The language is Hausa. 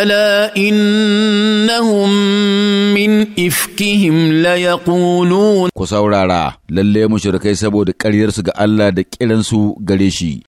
الا انهم من افكهم ليقولون ku saurara lalle mushrikai saboda ƙaryarsu ga Allah da ƙiransu gare shi